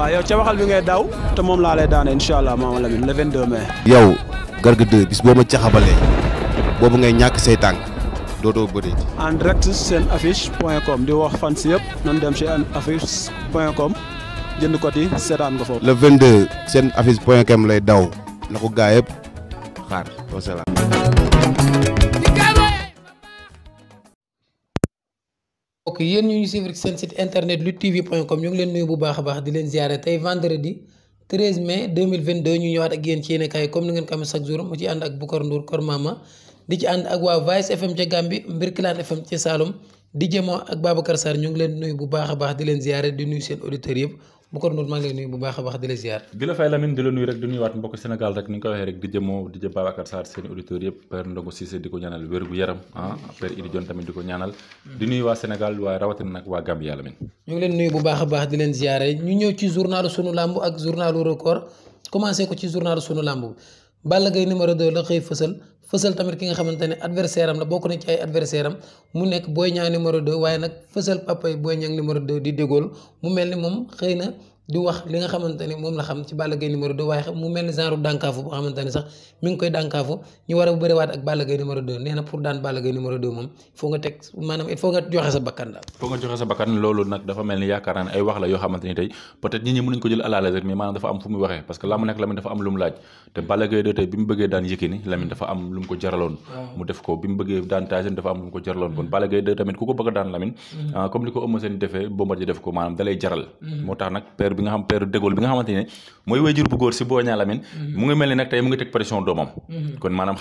waaw yow ca waxal bi ngay daw te moom laa lay daane incha allah Mama Lamine le 22 mai. yow Garga 2 bis boo ma caxabalee boobu ngay ñàkk say tànk dootoo bëri. en direct seen affice point com di wax fan si yëpp nan dem si affiche point com jënd ko ti seetaan nga foofu. le 22 seen affiche point com lay daw na ko yëpp mbokk yéen ñu ngi suivre seen site internet lu tv com ñu ngi leen nuyu bu baax a baax di leen ziare tey vendredi 13 mai 2022 ñu ñëwaat ak yéen ci yéen kaay comme ni ngeen ko amee chaque jour mu ci ànd ak Boucar Ndour Kor Mama di ci ànd ak waa Vice FM ca Gambie Mbirkilaan FM ca Saloum di jëmoo ak Babacar Sarr ñu ngi leen nuyu bu baax a baax di leen ziare di nuyu seen auditeurs yëpp Boucar Ndour maa ngi lay nuyu bu baax a baax di la ziar. di la fay Lamine di la nuyu rek di nuyuwaat mbokk Sénégal rek ni nga ko waxee rek leen nuyu bu baax a baax di leen ziare ñu ñëw ci journalu sunu làmb ak journalu record commencé ko ci journalu sunu làmb Balla gay numéro de la xëy fësal fësal tamit ki nga xamante ne adversaire am la bokk na ci ay adversaire mu nekk booy ñaa numéro de waaye nag fësal papay Boy Niang numéro de di dégool mu mel ni moom xëy na di wax li nga xamante moom la xam ci Balla Gaye numéro 2 waaye mu mel ni genre dànkaafu boo xamante ne sax mi ngi koy dànkaafu ñu war a bëriwaat ak Balla Gaye numéro 2 daan Balla dafa am fu laaj te Balla Gaye 2 tey bi mu bëggee daan Yékini Lamine dafa am lu ko jaraloon mu def ko bi mu bëggee daan Tyson dafa am lu ko jaraloon kon Balla Gaye tamit ku ko bëgg daan Lamine mm-hmm. ah, comme li ko Eumeu Sène defee Bombardier def ko maanaam dalay jaral mm-hmm. moo bi nga xam père de Gaulle bi nga xamante mooy wéyjur bu góor si Boña Lamine mm-hmm. mu ngi mel ni nag tey mu ngi teg pression mm-hmm. a a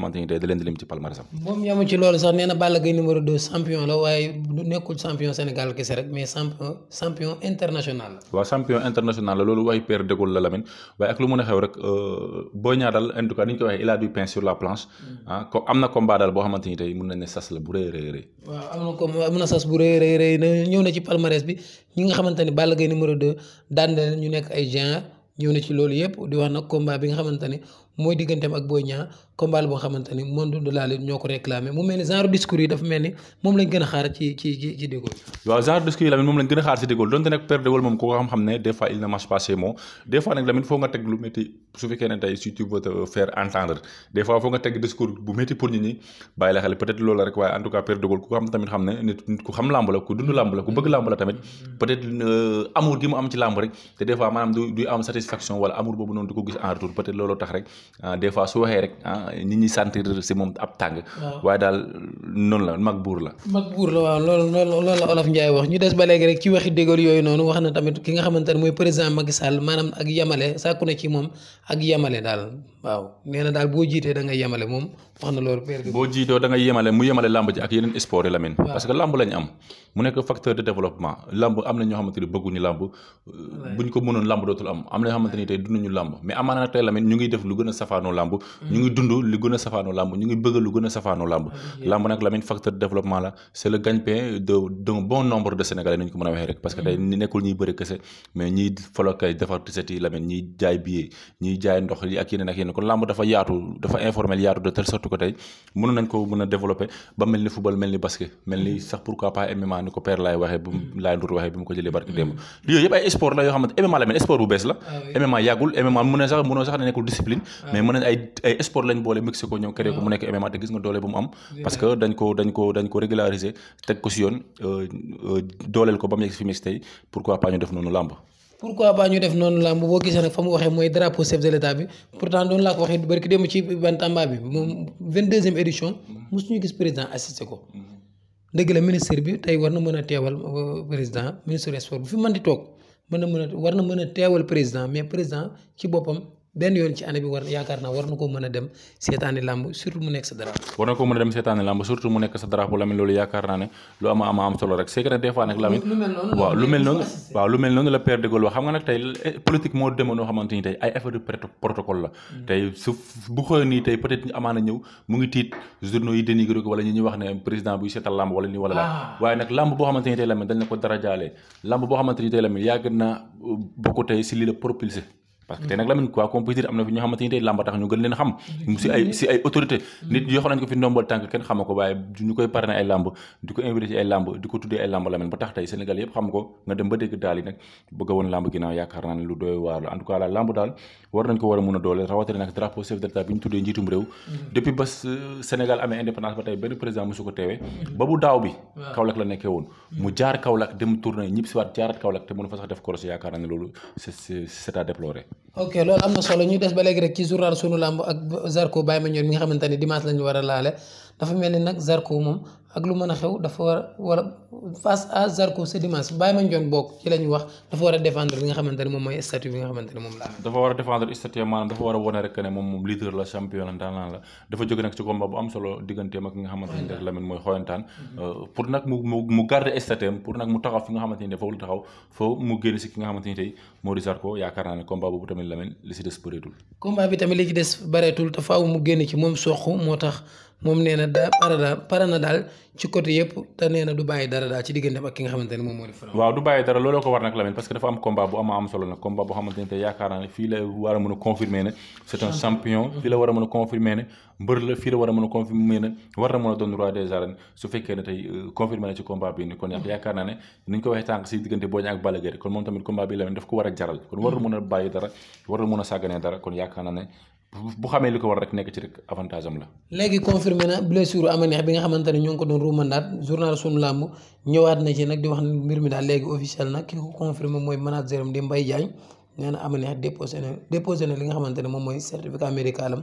mm-hmm. moom yamu ci loolu sax nee na Balla Gaye numéro champion la waaye nekkul champion Sénégal kese rek mais champion champion international la loolu waxi père de la Lamine waaye ak lu mën a xew xew rek euh, Boy Niang daal en tout cas ni ñu koy waxee il a du pain sur la planche mm. ah, am na combat daal boo xamante tey mun nañ ne sas la bu rëy rëy rëy waaw am na ko am na sas bu rëy rëy rëy ñëw na ci palmarès bi ñi nga xamante ne Balla Gaye numéro 2 ñu nekk ay géant ñëw na ci loolu yëpp di wax nag combat bi nga xamante mooy digganteem ak Boy combat boo xamante ni monde de la ñoo ko réclamé mu mel ni genre discours yi dafa mel ni moom lañ gën a xaar ci ci ci ci Dégol. waaw genre moom lañ xam-xam ne des il ne marche pas ses mots ne tey si nga teg discours bu métti pour nit ñi bàyyi la xel peut-être rek waaye en tout cas père Dégol ku xam tamit xam ne nit ku xam làmb la ku dund làmb la ku bëgg làmb la tamit peut-être euh, gi mu am ci làmb rek te des fois nit ñi sentir si moom ab tàng. waaye daal noonu la mag buur la. mag buur la waaw loolu loolu loolu la Olof Ndiaye wax ñu des ba léegi rek ci waxi dégal yooyu noonu wax na tamit ki nga xamante mooy président Macky Sall maanaam ak yamale sàkku na ci moom ak yamale daal. waaw nee na daal boo jiitee da ngay yemale moom wax na loolu. père boo jiitoo da ngay yemale mu yemale làmb ji ak yeneen sport yi Lamine. parce que làmb lañ am mu nekk facteur de développement làmb am na ñoo xamante ni bëgguñu làmb. buñ ko am ñu ngi def lu gën a safaanoo làmb. Mm. ñu ngi dund lu gën a safaanoo làmb a safaanoo làmb. làmb nag Lamine facteur de la c' est le de bon nombre de Sénégalais nañ ko mën a waxee rek. parce que tey mm. nekkul ñuy bëri kese mais ñiy folokay defar tisati Lamine ñiy jaay billet ñiy jaay ndox yi ak yeneen ak yeneen kenn kon làmb dafa yaatu dafa informel yaatu de telle sorte que tey mën nañ ko mën a développer ba mel ni football mel ni basket mel ni sax pourquoi pas MMA ni ko père laay waxee bu mm. mu ko jëlee barki démb yooyu yëpp ay sport la MMA la mel sport bu bees la ah MMA yàggul MMA mën na sax mënoo sax ne nekkul discipline ah mais mën nañ ay sport lañ boole mixé ñëw créé ko mu nekk ah MMA te gis nga doole bu mu am parce que dañ ko dañ ko dañ teg euh, euh, pourquoi pas ñu def noonu làmb boo gisee nag fa mu waxee mooy drapeau chef a l'état bi pourtant doon laa ko waxee barki démb ci Bantamba bi moom vingt deuxième édition mosuñu gis président assisté ko dëgg la ministre bi tey war na mën a teewal euh, président ministre des sports fi mën di toog mën na mën a war na mën a teewal président mais président ci boppam benn yoon ci année bi war na koo mën a dem seetaani làmb surtout mu nekk sa drapeau. war na koo a dem seetaani làmb surtout mu nekk sa drapeau Lamine loolu yaakaar naa ne lu ama ama am solo rek c'est que des tey eh, politique moo demoon noo ni tey ay effet de protocole mm. wala ñi ñuy wax ne président buy seetal làmb wala nii wala la ah. waaye nag làmb boo xamante tey ko darajaalee làmb boo xamante ni tey Lamine yàgg naa euh, bokk tey si lii la propulsé parce que tey nag Lamine quoi compétiteur am na fi tey làmba tax ñu gën leen xam si ay autorité mm-hmm. nit yoo xam nañ ko fi ndombal tànk kenn xama ko waaye ñu koy parrainé ay ay làmb di ko tuddee ay làmb la en mm-hmm. ba Sénégal benn président mosu ko teewee mm-hmm. ba bu daaw bi Kaolack la nekkee woon mu jaar Kaolack dem tournée ñëpp si waat jaarat Kaolack te mënu fa sax def korosé yaakaar naa ne loolu c'est déplorer ok loolu am na solo ñu des ba léegi rek ci journal sunu làmb ak Zarko Baye Mandione mi nga xamante ne dimanche la ñu war a laale dafa mel ni nag Zarko moom ak lu mën a xew dafa war a war face à Zarco ce dimanche Baye Mandione bokk ci la wax dafa war a défendre li nga xamante moom mooy statut bi nga xamante moom la dafa war mooy xoyantaan mm-hmm. euh, pour nag mu mu mu garder pour nag mu taxaw fi nga xamante foofu la taxaw foofu mu génn si ki nga xamante tey moo di Zarco yaakaar naa ne combat boobu tamit Lamine li si des bëreetul combat bi tamit li ci des bëreetul te faaw mu génn ci moom soq moom nee na daa pare daal pare na daal ci côté yëpp te nee du bàyyi dara daal ci digganteem ak ki nga xamante ne moom moo di Franc waaw du bàyyi dara looloo ko war nag Lamine parce que dafa am combat bu am am solo nag combat boo xamante a mën a confirmer ne c'est un ne mbër la fii la war a mën a confirmer ne war na mën a doon roi des arènes su fekkee ne tey euh, confirmer na ci combat bi ni kon yaakaar naa ne niñ ko waxee tànk si diggante Boy Niang ak Balla kon moom tamit combat bi Lamine a jaral a a sàgganee dara kon yaakaar naa bu xamee li ko war rek nekk ci rek avantage am la. léegi confirmé na blessure ama neex bi nga xamante ne ñoo ngi ko doon ruumandaat journal sunu làmb ñëwaat na ci nag di wax mbir mi daal léegi officiel nag ki ko confirmé mooy manager am di Mbaye Diagne nee na ama neex déposé na déposé na li nga xamante ne moom mooy certificat médical am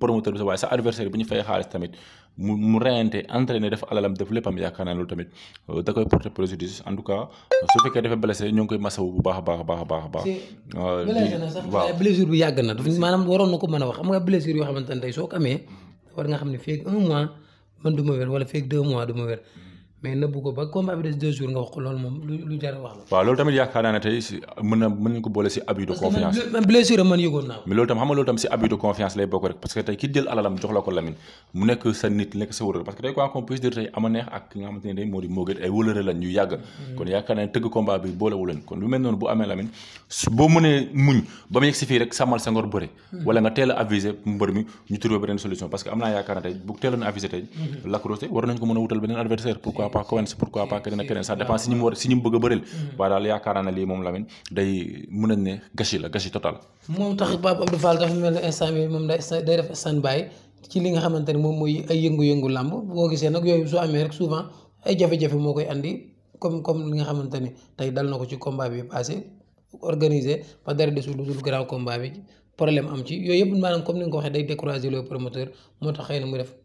promoteur bi sax adversaire bu ñu fay xaalis tamit mu mu reyante entraîné def alalam def léppam yaakaar naa loolu tamit euh, da koy porter préjudice en tout cas su fekkee dafa blessé ñoo koy masawu bu baax a baax baax baax baax. blessé na yàgg na maanaam waroon na ko mën a wax xam nga blessure yoo xamante tey soo ko mm-hmm. war nga xam ne feeg un mois man du ma wér feeg deux mois mais nëbbu ko ba combat bi des jours nga wax loolu moom lu lu wax la. waaw na mën nañu ko boole si abus de confiance. parce que tey ki jël alalam jox la ko Lamine mu nekk sa nit nekk sa wërër parce que tey quoi qu'on puisse dire tey ama neex ak nga xamante ne tey moo di moo ay wëlëre lañ yàgg. Mm-hmm. kon yaakaar naa ne tëgg combat bi boolewu leen kon lu mel noonu bu amee Lamine boo mënee muñ ba mu yegg si fii rek sàmmal sa ngor bëre. Mm-hmm. wala nga teel a aviser pas Coense pourquoi pas keneen ak keneen ça ne moom mooy ay yëngu-yëngu làmb boo gisee nag yooyu su amee rek jafe-jafe moo koy andi comme comme li nga xamante ne tey dal na ko ci combat bi passé organisé ba dara desul grand combat bi problème am ci yooyu yëpp maanaam comme ni nga ko waxee day décourager le promoteur moo tax xëy mu def.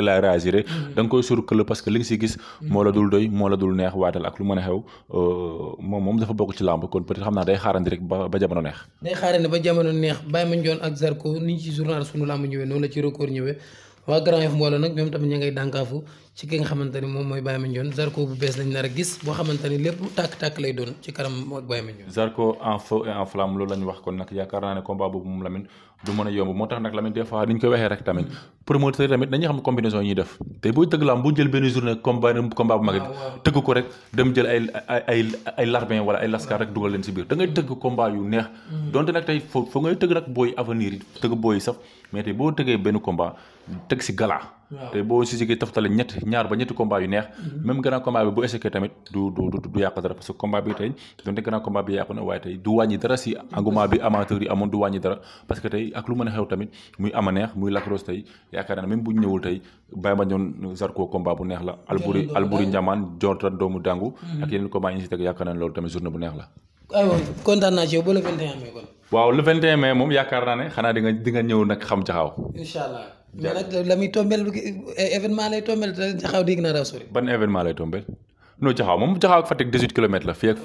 nii la réagir eh. mm. da nga koy surkël parce que li si gis mm. moo la dul doy moo la dul neex waatal ak lu mën a xew euh, moom moom dafa bokk ci làmb kon peut xam naa day xaarandi rek ba ba neex day xaarandi ba jamono neex Baye Mandione ak Zarko ni ñu ci journal sunu làmb ñëwee noonu la ci record ñëwee waa Grand Yoff mbooloo nag ñoom tamit ña ngay dànkaafu ci ki nga xamante ni moom mooy Baye Mandione Zarko bu bees lañ nar a gis boo xamante lépp tàkk-tàkk lay doon ci kanam ak Baye Mandione Zarko en feu en flamme loolu la wax kon nag yaakaar naa ne combat boobu moom Lamine du mën yomb moo tax nag Lamine des fois ni ñu koy waxee rek tamit promoteur tamit tëgg lam bu jël benn journée combat combat bu mag ah, tëgg ko rek dem jël ay ay ay larbin wala ay laskar rek dugal leen si biir da ngay tëgg combat yu neex mm-hmm. donte nag tey foo foo ngay tëgg nag booy avenir yi tëgg booy saf mais tey boo teg si galant. te boo si jógee toftale ñett ñaar ba ñetti combat yu neex. Mhm. même grand combat bi bu échec tamit du du dara parce que combat bi tey a xew tamit muy ama ma ñoon Zarko combat bu neex la. alburi alburi njamaan doomu mhm. neex la. Ah waaw le 21 moom yaakaar naa ne xanaa di nga ñëw nag xam jaxaw. mais nag la muy événement lay tombel te jaxaaw dégg naa daa sori. ban événement lay tombel non jaxaaw moom jaxaaw ak Fatick 18 kilomètres la fi ak.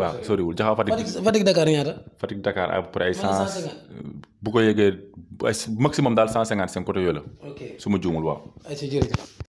waaw soriwul jaxaaw Fatick. Fatick Dakar ñaata. Fatick Dakar à peu ay. 150 bu ko yegee maximum daal 155 côté yooyu la. su ma juumul waaw.